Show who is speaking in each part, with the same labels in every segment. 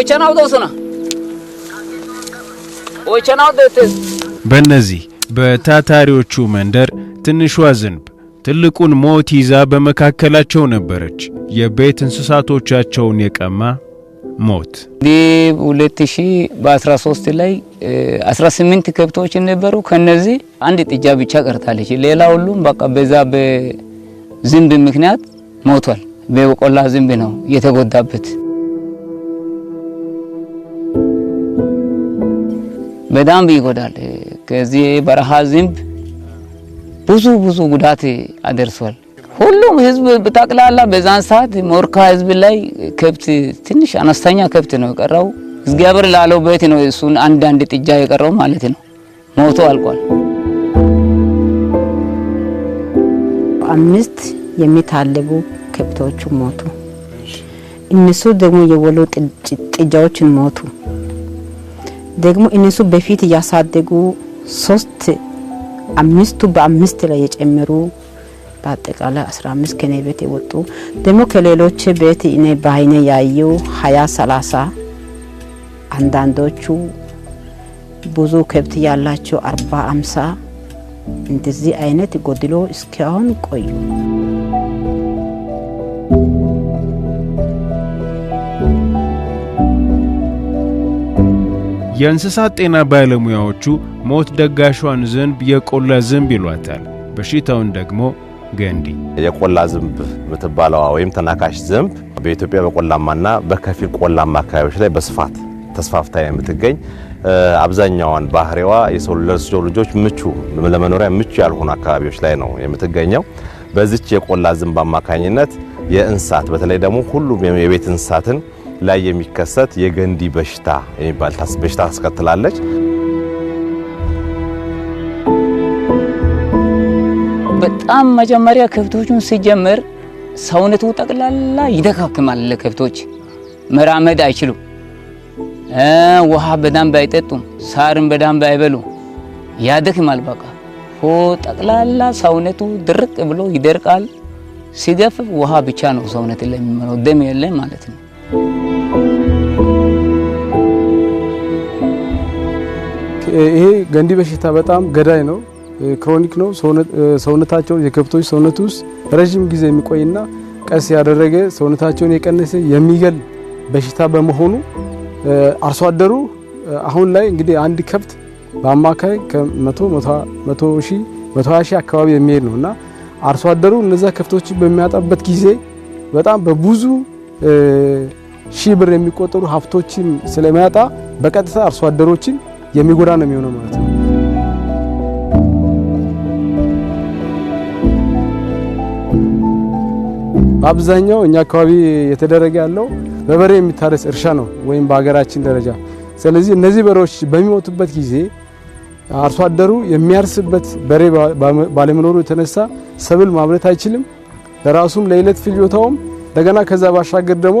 Speaker 1: በነዚህ
Speaker 2: በእነዚህ በታታሪዎቹ መንደር ትንሿ ዝንብ ትልቁን ሞት ይዛ በመካከላቸው ነበረች። የቤት እንስሳቶቻቸውን የቀማ ሞት
Speaker 1: እንዲህ 2013 ላይ 18 ከብቶች ነበሩ። ከነዚህ አንድ ጥጃ ብቻ ቀርታለች። ሌላ ሁሉም በቃ በዛ በዝንብ ምክንያት ሞቷል። በቆላ ዝንብ ነው የተጎዳበት። በጣም ይጎዳል። ከዚህ በረሃ ዝንብ ብዙ ብዙ ጉዳት አደርሷል። ሁሉም ህዝብ በጠቅላላ በዛን ሰዓት ሞርካ ህዝብ ላይ ከብት ትንሽ አነስተኛ ከብት ነው የቀረው። እግዚአብሔር ላለው ቤት ነው እሱን አንዳንድ ጥጃ የቀረው ማለት ነው። ሞቶ አልቋል።
Speaker 3: አምስት የሚታለቡ ከብቶቹ ሞቱ። እነሱ ደግሞ የወሎ ጥጃዎችን ሞቱ። ደግሞ እነሱ በፊት እያሳደጉ ሶስት አምስቱ በአምስት ላይ የጨመሩ በአጠቃላይ 15 ከኔ ቤት የወጡ ደግሞ ከሌሎች ቤት እኔ በአይኔ ያየው 20 30 አንዳንዶቹ ብዙ ከብት ያላቸው 40 50 እንደዚህ አይነት ጎድሎ እስካሁን ቆዩ።
Speaker 2: የእንስሳት ጤና ባለሙያዎቹ ሞት ደጋሿን ዝንብ የቆላ ዝንብ ይሏታል፣ በሽታውን ደግሞ ገንዲ።
Speaker 4: የቆላ ዝንብ የምትባለዋ ወይም ተናካሽ ዝንብ በኢትዮጵያ በቆላማና በከፊል ቆላማ አካባቢዎች ላይ በስፋት ተስፋፍታ የምትገኝ አብዛኛዋን ባህሪዋ የሰው ልጆች ምቹ ለመኖሪያ ምቹ ያልሆኑ አካባቢዎች ላይ ነው የምትገኘው። በዚች የቆላ ዝንብ አማካኝነት የእንስሳት በተለይ ደግሞ ሁሉም የቤት እንስሳትን ላይ የሚከሰት የገንዲ በሽታ የሚባል በሽታ ታስከትላለች።
Speaker 1: በጣም መጀመሪያ ከብቶቹን ሲጀምር ሰውነቱ ጠቅላላ ይደካክማል። ለከብቶች መራመድ አይችሉም። ውሃ በደንብ አይጠጡም። ሳርን በደንብ አይበሉ። ያደክማል። በቃ ሆ ጠቅላላ ሰውነቱ ድርቅ ብሎ ይደርቃል። ሲገፍፍ ውሃ ብቻ ነው ሰውነት ላይ ደም የለም ማለት ነው።
Speaker 5: ይሄ ገንዲ በሽታ በጣም ገዳይ ነው፣ ክሮኒክ ነው። ሰውነታቸውን የከብቶች ሰውነት ውስጥ ረዥም ጊዜ የሚቆይና ቀስ ያደረገ ሰውነታቸውን የቀነሰ የሚገል በሽታ በመሆኑ አርሶ አደሩ አሁን ላይ እንግዲህ አንድ ከብት በአማካይ ከ100 100 ሺህ 120 ሺህ አካባቢ የሚሄድ ነው እና አርሶ አደሩ እነዛ ከብቶች በሚያጣበት ጊዜ በጣም በብዙ ሺህ ብር የሚቆጠሩ ሀብቶችን ስለሚያጣ በቀጥታ አርሶ አደሮችን የሚጎዳ ነው የሚሆነው ማለት ነው። በአብዛኛው እኛ አካባቢ የተደረገ ያለው በበሬ የሚታረስ እርሻ ነው ወይም በሀገራችን ደረጃ። ስለዚህ እነዚህ በሬዎች በሚሞቱበት ጊዜ አርሶ አደሩ የሚያርስበት በሬ ባለመኖሩ የተነሳ ሰብል ማምረት አይችልም፣ ለራሱም ለዕለት ፍጆታውም እንደገና ከዛ ባሻገር ደግሞ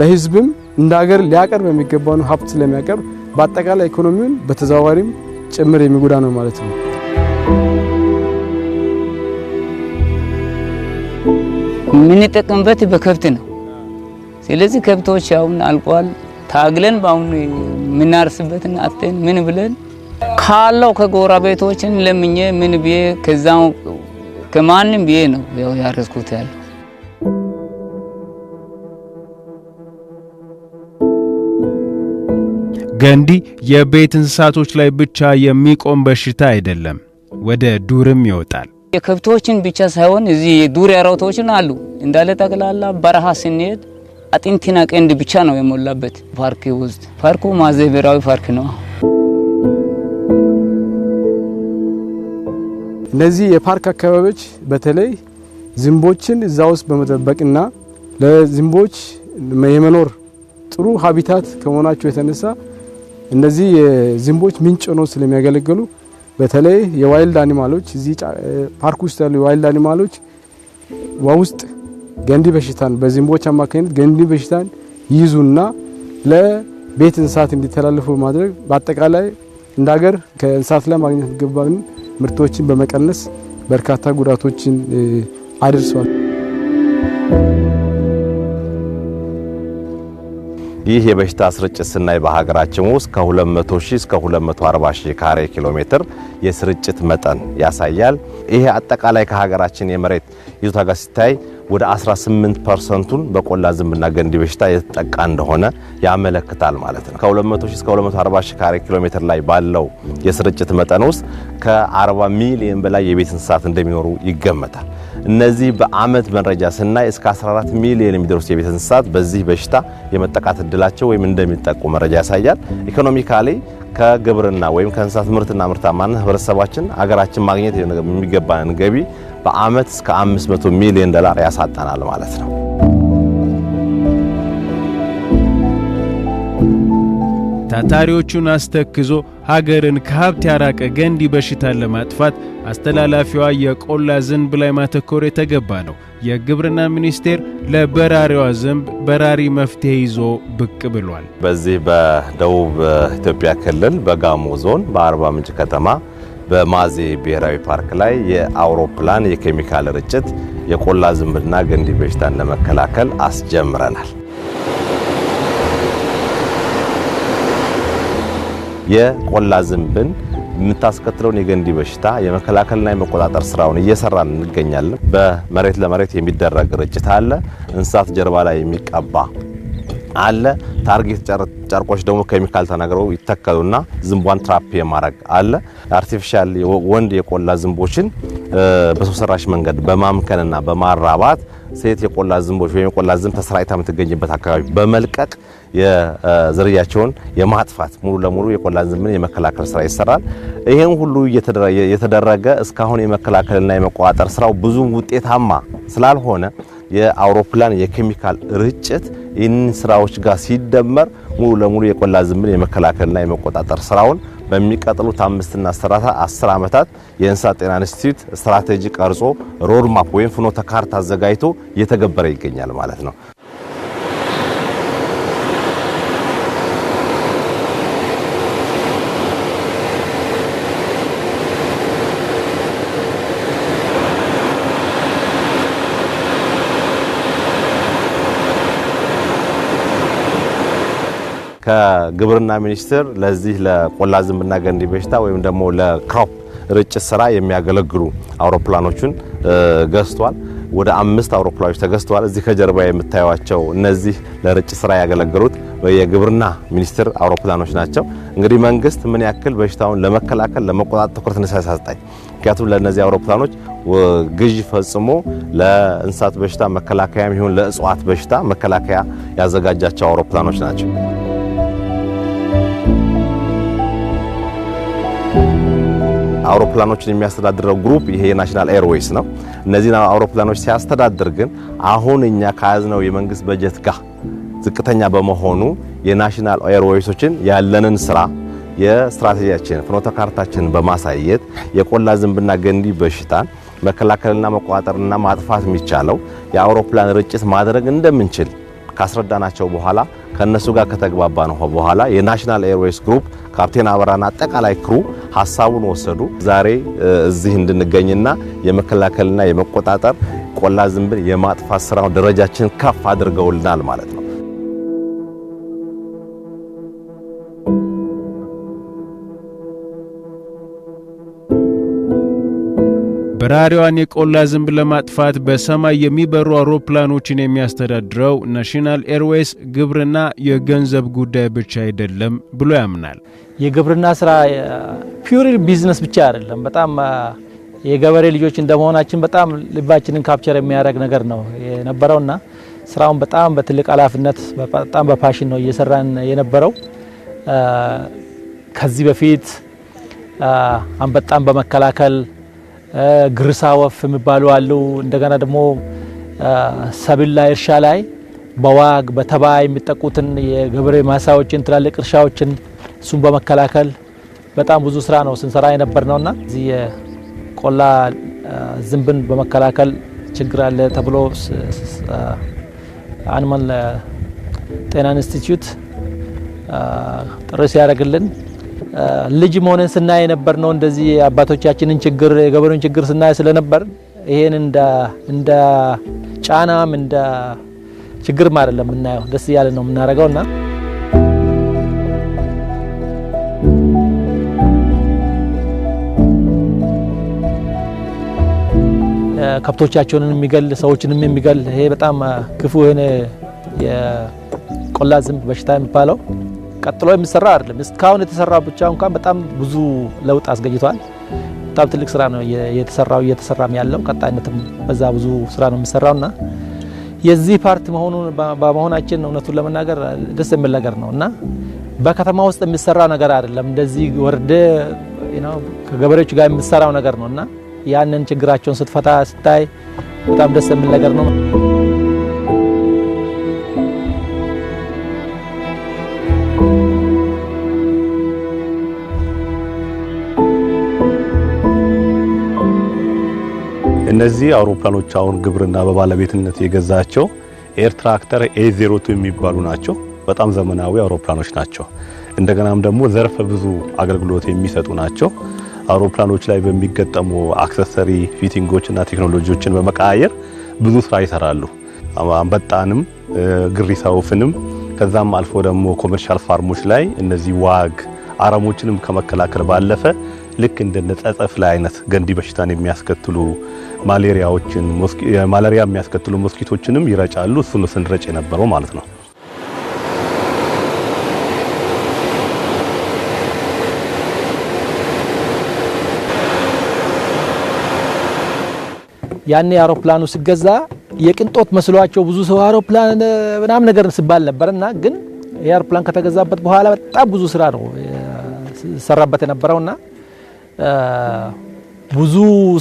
Speaker 5: ለሕዝብም እንደ ሀገር ሊያቀርብ የሚገባውን ሀብት ስለሚያቀርብ በአጠቃላይ ኢኮኖሚውን በተዘዋዋሪም ጭምር የሚጎዳ ነው ማለት ነው።
Speaker 1: የምንጠቀምበት በከብት ነው። ስለዚህ ከብቶች አሁን አልቋል። ታግለን በአሁን የምናርስበትን አጥተን ምን ብለን ካለው ቤቶችን ለምኜ ምን ብዬ ከዛው ከማንም ብዬ ነው ያው ያረስኩት ያለው
Speaker 2: ገንዲ የቤት እንስሳቶች ላይ ብቻ የሚቆም በሽታ አይደለም፣ ወደ ዱርም ይወጣል።
Speaker 1: የከብቶችን ብቻ ሳይሆን እዚህ ዱር ያሮቶችን አሉ እንዳለ ጠቅላላ በረሃ ስንሄድ አጥንትና ቀንድ ብቻ ነው የሞላበት ፓርክ ውስጥ። ፓርኩ ማዜ ብሔራዊ ፓርክ ነው።
Speaker 5: እነዚህ የፓርክ አካባቢዎች በተለይ ዝንቦችን እዛ ውስጥ በመጠበቅና ለዝንቦች የመኖር ጥሩ ሀቢታት ከመሆናቸው የተነሳ እነዚህ ዝንቦች ምንጭ ነው ስለሚያገለግሉ በተለይ የዋይልድ አኒማሎች እዚህ ፓርክ ውስጥ ያሉ የዋይልድ አኒማሎች ውስጥ ገንዲ በሽታን በዝንቦች አማካኝነት ገንዲ በሽታን ይይዙና ለቤት እንስሳት እንዲተላለፉ በማድረግ በአጠቃላይ እንደ ሀገር ከእንስሳት ላይ ማግኘት የሚገባን ምርቶችን በመቀነስ በርካታ ጉዳቶችን አድርሷል።
Speaker 4: ይህ የበሽታ ስርጭት ስናይ በሀገራችን ውስጥ ከ200 ሺህ እስከ 240 ሺህ ካሬ ኪሎ ሜትር የስርጭት መጠን ያሳያል። ይሄ አጠቃላይ ከሀገራችን የመሬት ይዞታ ጋር ሲታይ ወደ 18 ፐርሰንቱን በቆላ ዝንብና ገንዲ በሽታ የተጠቃ እንደሆነ ያመለክታል ማለት ነው። ከ200 ሺህ እስከ 240 ሺህ ካሬ ኪሎ ሜትር ላይ ባለው የስርጭት መጠን ውስጥ ከ40 ሚሊዮን በላይ የቤት እንስሳት እንደሚኖሩ ይገመታል። እነዚህ በአመት መረጃ ስናይ እስከ 14 ሚሊዮን የሚደርሱ የቤት እንስሳት በዚህ በሽታ የመጠቃት እድላቸው ወይም እንደሚጠቁ መረጃ ያሳያል። ኢኮኖሚካሊ ከግብርና ወይም ከእንስሳት ምርትና ምርታማነት ህብረተሰባችን አገራችን ማግኘት የሚገባንን ገቢ በአመት እስከ 500 ሚሊዮን ዶላር ያሳጣናል ማለት ነው።
Speaker 2: ታታሪዎቹን አስተክዞ ሀገርን ከሀብት ያራቀ ገንዲ በሽታን ለማጥፋት አስተላላፊዋ የቆላ ዝንብ ላይ ማተኮር የተገባ ነው። የግብርና ሚኒስቴር ለበራሪዋ ዝንብ በራሪ መፍትሄ ይዞ ብቅ ብሏል።
Speaker 4: በዚህ በደቡብ ኢትዮጵያ ክልል በጋሞ ዞን በአርባ ምንጭ ከተማ በማዜ ብሔራዊ ፓርክ ላይ የአውሮፕላን የኬሚካል ርጭት የቆላ ዝንብና ገንዲ በሽታን ለመከላከል አስጀምረናል። የቆላ ዝንብን የምታስከትለውን የገንዲ በሽታ የመከላከልና የመቆጣጠር ስራውን እየሰራን እንገኛለን። በመሬት ለመሬት የሚደረግ ርጭት አለ። እንስሳት ጀርባ ላይ የሚቀባ አለ። ታርጌት ጨርቆች ደግሞ ኬሚካል ተናግረው ይተከሉና ዝንቧን ትራፕ የማድረግ አለ። አርቲፊሻል ወንድ የቆላ ዝንቦችን በሰው ሰራሽ መንገድ በማምከንና በማራባት ሴት የቆላ ዝንቦች ወይም የቆላ ዝንብ ተሰራጭታ የምትገኝበት አካባቢ በመልቀቅ የዝርያቸውን የማጥፋት ሙሉ ለሙሉ የቆላ ዝንብን የመከላከል ስራ ይሰራል። ይሄን ሁሉ የተደረገ እስካሁን የመከላከልና የመቆጣጠር ስራው ብዙ ውጤታማ ስላልሆነ የአውሮፕላን የኬሚካል ርጭት ይህን ስራዎች ጋር ሲደመር ሙሉ ለሙሉ የቆላ ዝንብን የመከላከልና የመቆጣጠር ስራውን በሚቀጥሉት አምስትና አስር ዓመታት የእንስሳት ጤና ኢንስቲትዩት ስትራቴጂ ቀርጾ ሮድማፕ ወይም ፍኖተ ካርታ አዘጋጅቶ እየተገበረ ይገኛል ማለት ነው። ከግብርና ሚኒስቴር ለዚህ ለቆላ ዝንብና ገንዲ በሽታ ወይም ደግሞ ለክሮፕ ርጭት ስራ የሚያገለግሉ አውሮፕላኖቹን ገዝቷል። ወደ አምስት አውሮፕላኖች ተገዝተዋል። እዚህ ከጀርባ የምታዩቸው እነዚህ ለርጭት ስራ ያገለገሉት የግብርና ሚኒስቴር አውሮፕላኖች ናቸው። እንግዲህ መንግስት ምን ያክል በሽታውን ለመከላከል ለመቆጣጠር ትኩረት እንደሰጠኝ ምክንያቱም ለእነዚህ አውሮፕላኖች ግዥ ፈጽሞ ለእንስሳት በሽታ መከላከያ ይሁን ለእጽዋት በሽታ መከላከያ ያዘጋጃቸው አውሮፕላኖች ናቸው። አውሮፕላኖችን የሚያስተዳድረው ግሩፕ ይሄ የናሽናል ኤርዌይስ ነው። እነዚህን አውሮፕላኖች ሲያስተዳድር ግን አሁን እኛ ከያዝነው የመንግስት በጀት ጋር ዝቅተኛ በመሆኑ የናሽናል ኤርዌይሶችን ያለንን ስራ የስትራቴጂያችን ፍኖተ ካርታችን በማሳየት የቆላ ዝንብና ገንዲ በሽታን መከላከልና መቆጣጠርና ማጥፋት የሚቻለው የአውሮፕላን ርጭት ማድረግ እንደምንችል ካስረዳናቸው በኋላ ከነሱ ጋር ከተግባባ ነው በኋላ የናሽናል ኤርዌይስ ግሩፕ ካፕቴን አበራና አጠቃላይ ክሩ ሀሳቡን ወሰዱ። ዛሬ እዚህ እንድንገኝና የመከላከልና የመቆጣጠር ቆላ ዝንብን የማጥፋት ስራ ደረጃችን ከፍ አድርገውልናል ማለት ነው።
Speaker 2: በራሪዋን የቆላ ዝንብ ለማጥፋት በሰማይ የሚበሩ አውሮፕላኖችን የሚያስተዳድረው ናሽናል ኤርዌይስ ግብርና የገንዘብ ጉዳይ ብቻ አይደለም ብሎ ያምናል።
Speaker 1: የግብርና ስራ ፒውሪ ቢዝነስ ብቻ አይደለም። በጣም የገበሬ ልጆች እንደመሆናችን በጣም ልባችንን ካፕቸር የሚያደርግ ነገር ነው የነበረውና ስራውን በጣም በትልቅ ኃላፊነት በጣም በፓሽን ነው እየሰራን የነበረው። ከዚህ በፊት አንበጣን በመከላከል ግርሳ ወፍ የሚባሉ አሉ። እንደገና ደግሞ ሰብል ላይ እርሻ ላይ በዋግ በተባ የሚጠቁትን የገበሬ ማሳዎችን ትላልቅ እርሻዎችን እሱን በመከላከል በጣም ብዙ ስራ ነው ስንሰራ የነበር ነውና እዚህ የቆላ ዝንብን በመከላከል ችግር አለ ተብሎ አኒማል ጤና ኢንስቲትዩት ጥሪ ሲያደርግልን ልጅ መሆንን ስናይ የነበር ነው። እንደዚህ አባቶቻችንን ችግር የገበሬውን ችግር ስናይ ስለነበር ይሄን እንደ ጫናም እንደ ችግርም አይደለም የምናየው፣ ደስ እያለ ነው የምናደርገው እና ከብቶቻቸውንም የሚገል ሰዎችንም የሚገል ይሄ በጣም ክፉ የሆነ የቆላ ዝንብ በሽታ የሚባለው ቀጥሎ የሚሰራ አይደለም። እስካሁን የተሰራው ብቻ እንኳን በጣም ብዙ ለውጥ አስገኝቷል። በጣም ትልቅ ስራ ነው የተሰራው እየተሰራም ያለው ቀጣይነትም በዛ ብዙ ስራ ነው የሚሰራው እና የዚህ ፓርት መሆኑን በመሆናችን እውነቱን ለመናገር ደስ የሚል ነገር ነው እና በከተማ ውስጥ የሚሰራው ነገር አይደለም። እንደዚህ ወርደ ከገበሬዎች ጋር የሚሰራው ነገር ነው እና ያንን ችግራቸውን ስትፈታ ስታይ በጣም ደስ የሚል ነገር ነው።
Speaker 4: እነዚህ አውሮፕላኖች አሁን ግብርና በባለቤትነት የገዛቸው ኤር ትራክተር ኤ02 የሚባሉ ናቸው። በጣም ዘመናዊ አውሮፕላኖች ናቸው። እንደገናም ደግሞ ዘርፈ ብዙ አገልግሎት የሚሰጡ ናቸው። አውሮፕላኖች ላይ በሚገጠሙ አክሰሰሪ እና ቴክኖሎጂዎችን በመቀያየር ብዙ ስራ ይሰራሉ። አንበጣንም፣ ግሪሳ ወፍንም ከዛም አልፎ ደግሞ ኮመርሻል ፋርሞች ላይ እነዚህ ዋግ አረሞችንም ከመከላከል ባለፈ ልክ እንደ ነጸጸፍ ላይ አይነት ገንዲ በሽታን የሚያስከትሉ ማሌሪያዎችን ማላሪያ የሚያስከትሉ ሞስኪቶችንም ይረጫሉ። እሱ ነው ስንረጭ የነበረው ማለት ነው።
Speaker 1: ያኔ አውሮፕላኑ ሲገዛ የቅንጦት መስሏቸው ብዙ ሰው አውሮፕላን ምናምን ነገር ሲባል እና ግን ይህ አውሮፕላን ከተገዛበት በኋላ በጣም ብዙ ስራ ነው ሰራበት የነበረውና ብዙ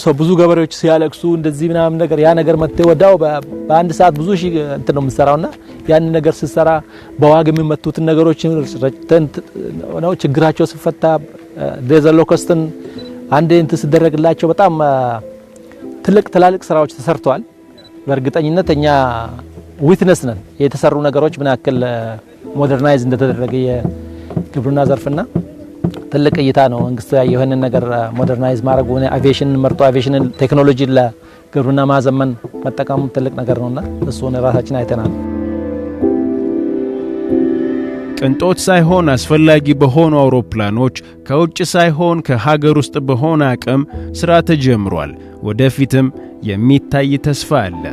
Speaker 1: ሰው ብዙ ገበሬዎች ሲያለቅሱ እንደዚህ ምናምን ነገር ያ ነገር መጥቶ ወዳው በአንድ ሰዓት ብዙ ሺህ እንትን ነው የምሰራውና ያን ነገር ስትሰራ በዋግ የሚመቱትን ነገሮች ነው ችግራቸው ሲፈታ ዴዘር ሎከስትን አንዴ እንትን ሲደረግላቸው በጣም ትልቅ ትላልቅ ስራዎች ተሰርተዋል። በእርግጠኝነት እኛ ዊትነስ ነን የተሰሩ ነገሮች ምን ያክል ሞደርናይዝ እንደተደረገ የግብርና ዘርፍና ትልቅ እይታ ነው። መንግስት የሆነን ነገር ሞደርናይዝ ማድረግ ሆነ አቪዬሽንን መርጦ አቪዬሽንን ቴክኖሎጂ ለግብርና ማዘመን መጠቀሙ ትልቅ ነገር ነውና እሱን ራሳችን አይተናል።
Speaker 2: ቅንጦት ሳይሆን አስፈላጊ በሆኑ አውሮፕላኖች ከውጭ ሳይሆን ከሀገር ውስጥ በሆነ አቅም ሥራ ተጀምሯል። ወደፊትም የሚታይ ተስፋ አለ።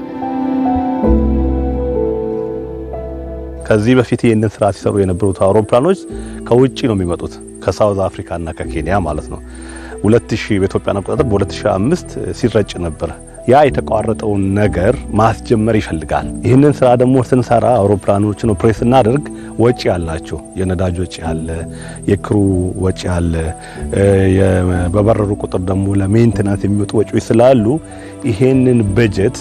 Speaker 4: ከዚህ በፊት ይህንን ስራ ሲሰሩ የነበሩት አውሮፕላኖች ከውጭ ነው የሚመጡት ከሳውዝ አፍሪካ እና ከኬንያ ማለት ነው። 2000 በኢትዮጵያ አቆጣጠር በ2005 ሲረጭ ነበር። ያ የተቋረጠውን ነገር ማስጀመር ይፈልጋል። ይህንን ስራ ደግሞ ስንሰራ አውሮፕላኖችን ኦፕሬት ስናደርግ ወጪ አላቸው። የነዳጅ ወጪ አለ፣ የክሩ ወጪ አለ። በበረሩ ቁጥር ደግሞ ለሜንቴናንስ የሚወጡ ወጪዎች ስላሉ ይሄንን በጀት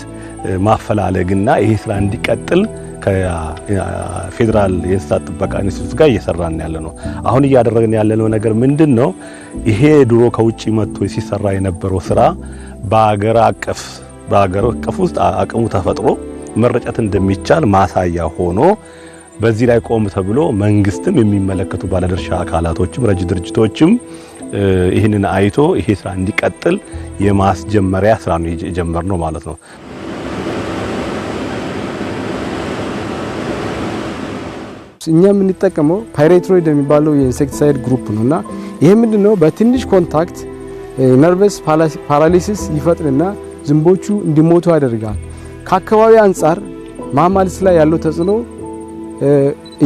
Speaker 4: ማፈላለግና ይሄ ስራ እንዲቀጥል ከፌዴራል የእንስሳት ጥበቃ ኢንስቲትዩት ጋር እየሰራን ያለ ነው። አሁን እያደረግን ያለነው ነገር ምንድን ነው? ይሄ ድሮ ከውጭ መጥቶ ሲሰራ የነበረው ስራ በአገር አቀፍ በአገር አቀፍ ውስጥ አቅሙ ተፈጥሮ መረጨት እንደሚቻል ማሳያ ሆኖ በዚህ ላይ ቆም ተብሎ መንግስትም የሚመለከቱ ባለድርሻ አካላቶችም ረጅ ድርጅቶችም ይህንን አይቶ ይሄ ስራ እንዲቀጥል የማስጀመሪያ ስራ ነው የጀመርነው ማለት ነው።
Speaker 5: እኛ የምንጠቀመው ፓይሬትሮይድ የሚባለው የኢንሴክቲሳይድ ግሩፕ ነው እና ይህ ምንድን ነው? በትንሽ ኮንታክት ነርቨስ ፓራሊሲስ ይፈጥርና ዝንቦቹ እንዲሞቱ ያደርጋል። ከአካባቢ አንጻር ማማልስ ላይ ያለው ተጽዕኖ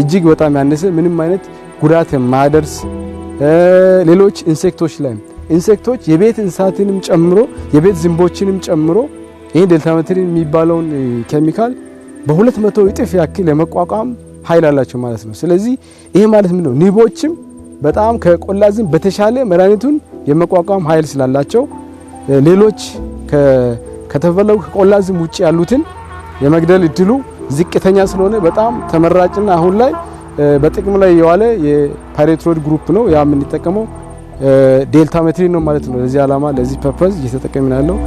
Speaker 5: እጅግ በጣም ያነሰ ምንም አይነት ጉዳት የማያደርስ ሌሎች ኢንሴክቶች ላይ ኢንሴክቶች የቤት እንስሳትንም ጨምሮ የቤት ዝንቦችንም ጨምሮ ይህ ዴልታሜትሪን የሚባለውን ኬሚካል በሁለት መቶ እጥፍ ያክል የመቋቋም ኃይል አላቸው ማለት ነው። ስለዚህ ይሄ ማለት ምን ነው? ንቦችም በጣም ከቆላ ዝንብ በተሻለ መድኃኒቱን የመቋቋም ኃይል ስላላቸው ሌሎች ከተፈለጉ ከቆላ ዝንብ ውጭ ያሉትን የመግደል እድሉ ዝቅተኛ ስለሆነ በጣም ተመራጭና አሁን ላይ በጥቅም ላይ የዋለ የፓሬትሮድ ግሩፕ ነው። ያ የምንጠቀመው ዴልታ ሜትሪን ነው ማለት ነው። ለዚህ ዓላማ ለዚህ ፐርፐዝ እየተጠቀምን ያለው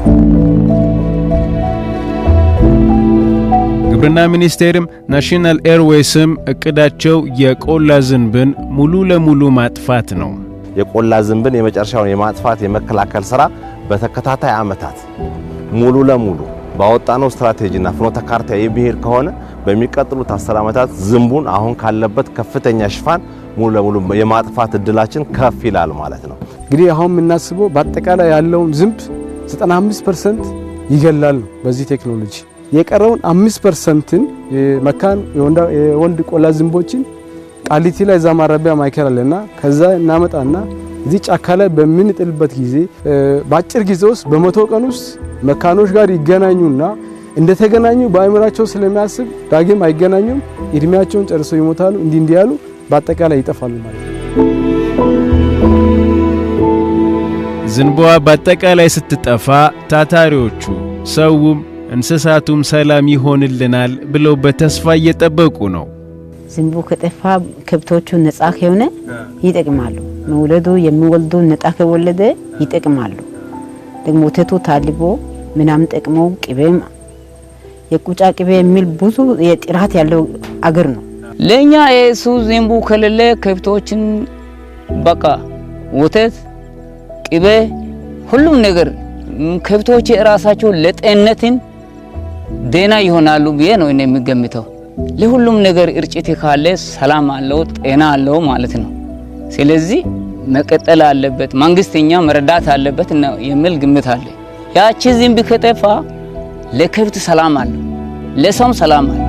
Speaker 2: ግብርና ሚኒስቴርም ናሽናል ኤርዌይስም እቅዳቸው የቆላ ዝንብን ሙሉ ለሙሉ ማጥፋት ነው።
Speaker 4: የቆላ ዝንብን የመጨረሻውን የማጥፋት የመከላከል ስራ በተከታታይ ዓመታት ሙሉ ለሙሉ ባወጣነው ስትራቴጂና ፍኖተ ካርታ የብሄር ከሆነ በሚቀጥሉት አስር ዓመታት ዝንቡን አሁን ካለበት ከፍተኛ ሽፋን ሙሉ ለሙሉ የማጥፋት እድላችን ከፍ ይላል ማለት ነው።
Speaker 5: እንግዲህ አሁን የምናስበው በአጠቃላይ ያለውን ዝንብ 95 ፐርሰንት ይገላል ነው በዚህ ቴክኖሎጂ የቀረውን አምስት ፐርሰንትን መካን የወንድ ቆላ ዝንቦችን ቃሊቲ ላይ እዛ ማረቢያ ማይከል አለና ከዛ እናመጣና እዚህ ጫካ ላይ በምንጥልበት ጊዜ በአጭር ጊዜ ውስጥ በመቶ ቀን ውስጥ መካኖች ጋር ይገናኙና እንደተገናኙ በአእምራቸው ስለሚያስብ ዳግም አይገናኙም። እድሜያቸውን ጨርሰው ይሞታሉ። እንዲህ እንዲህ ያሉ በአጠቃላይ ይጠፋሉ ማለት ነው።
Speaker 2: ዝንቧ በአጠቃላይ ስትጠፋ ታታሪዎቹ ሰውም እንስሳቱም ሰላም ይሆንልናል ብለው በተስፋ እየጠበቁ ነው።
Speaker 3: ዝንቡ ከጠፋ ከብቶቹ ነጻ ከሆነ ይጠቅማሉ። መውለዱ የሚወልዱ ነጣ ከወለደ ይጠቅማሉ። ደግሞ ወተቱ ታልቦ ምናም ጠቅመው ቅቤም የቁጫ ቅቤ የሚል ብዙ የጥራት ያለው አገር ነው።
Speaker 1: ለእኛ የሱ ዝንቡ ከሌለ ከብቶችን በቃ ወተት፣ ቅቤ፣ ሁሉም ነገር ከብቶች የራሳቸው ለጤንነትን ዴና ይሆናሉ ብዬ ነው እኔ የሚገምተው። ለሁሉም ነገር እርጭት ካለ ሰላም አለው፣ ጤና አለው ማለት ነው። ስለዚህ መቀጠል አለበት፣ መንግስተኛ መረዳት አለበት የሚል ግምት አለ። ያቺ ዝንብ ከጠፋ ለከብት ሰላም አለው፣ ለሰውም ሰላም አለው።